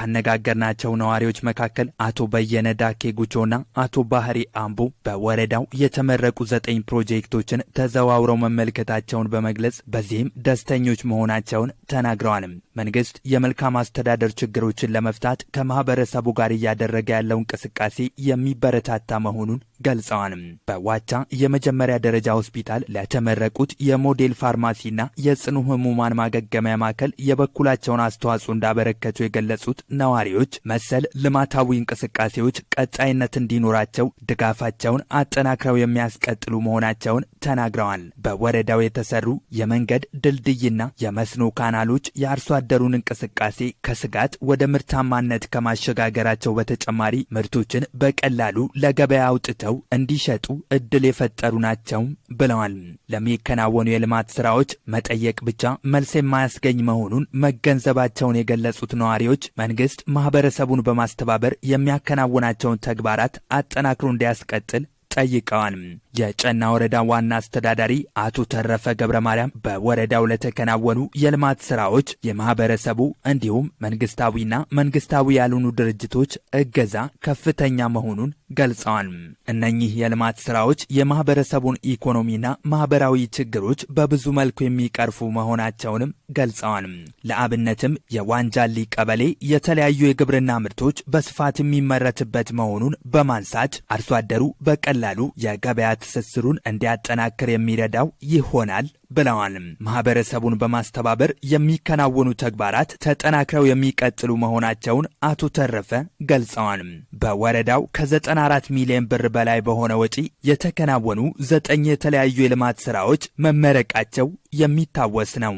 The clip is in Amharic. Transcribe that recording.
ካነጋገርናቸው ነዋሪዎች መካከል አቶ በየነ ዳኬ ጉቾና አቶ ባህሪ አምቦ በወረዳው የተመረቁ ዘጠኝ ፕሮጀክቶችን ተዘዋውረው መመልከታቸውን በመግለጽ በዚህም ደስተኞች መሆናቸውን ተናግረዋል። መንግስት የመልካም አስተዳደር ችግሮችን ለመፍታት ከማህበረሰቡ ጋር እያደረገ ያለው እንቅስቃሴ የሚበረታታ መሆኑን ገልጸዋል። በዋቻ የመጀመሪያ ደረጃ ሆስፒታል ለተመረቁት የሞዴል ፋርማሲና የጽኑ ህሙማን ማገገሚያ ማዕከል የበኩላቸውን አስተዋጽኦ እንዳበረከቱ የገለጹት ነዋሪዎች መሰል ልማታዊ እንቅስቃሴዎች ቀጣይነት እንዲኖራቸው ድጋፋቸውን አጠናክረው የሚያስቀጥሉ መሆናቸውን ተናግረዋል። በወረዳው የተሰሩ የመንገድ ድልድይና የመስኖ ካናሎች የአርሶ አደሩን እንቅስቃሴ ከስጋት ወደ ምርታማነት ከማሸጋገራቸው በተጨማሪ ምርቶችን በቀላሉ ለገበያ አውጥተው እንዲሸጡ እድል የፈጠሩ ናቸው ብለዋል። ለሚከናወኑ የልማት ስራዎች መጠየቅ ብቻ መልስ የማያስገኝ መሆኑን መገንዘባቸውን የገለጹት ነዋሪዎች መንግስት ማህበረሰቡን በማስተባበር የሚያከናውናቸውን ተግባራት አጠናክሮ እንዲያስቀጥል ጠይቀዋል። የጨና ወረዳ ዋና አስተዳዳሪ አቶ ተረፈ ገብረ ማርያም በወረዳው ለተከናወኑ የልማት ስራዎች የማህበረሰቡ እንዲሁም መንግስታዊና መንግስታዊ ያልሆኑ ድርጅቶች እገዛ ከፍተኛ መሆኑን ገልጸዋል። እነኚህ የልማት ስራዎች የማህበረሰቡን ኢኮኖሚና ማህበራዊ ችግሮች በብዙ መልኩ የሚቀርፉ መሆናቸውንም ገልጸዋል። ለአብነትም የዋንጃሊ ቀበሌ የተለያዩ የግብርና ምርቶች በስፋት የሚመረትበት መሆኑን በማንሳት አርሶ አደሩ በቀላ በቀላሉ የገበያ ትስስሩን እንዲያጠናክር የሚረዳው ይሆናል ብለዋል። ማህበረሰቡን በማስተባበር የሚከናወኑ ተግባራት ተጠናክረው የሚቀጥሉ መሆናቸውን አቶ ተረፈ ገልጸዋል። በወረዳው ከ94 ሚሊዮን ብር በላይ በሆነ ወጪ የተከናወኑ ዘጠኝ የተለያዩ የልማት ስራዎች መመረቃቸው የሚታወስ ነው።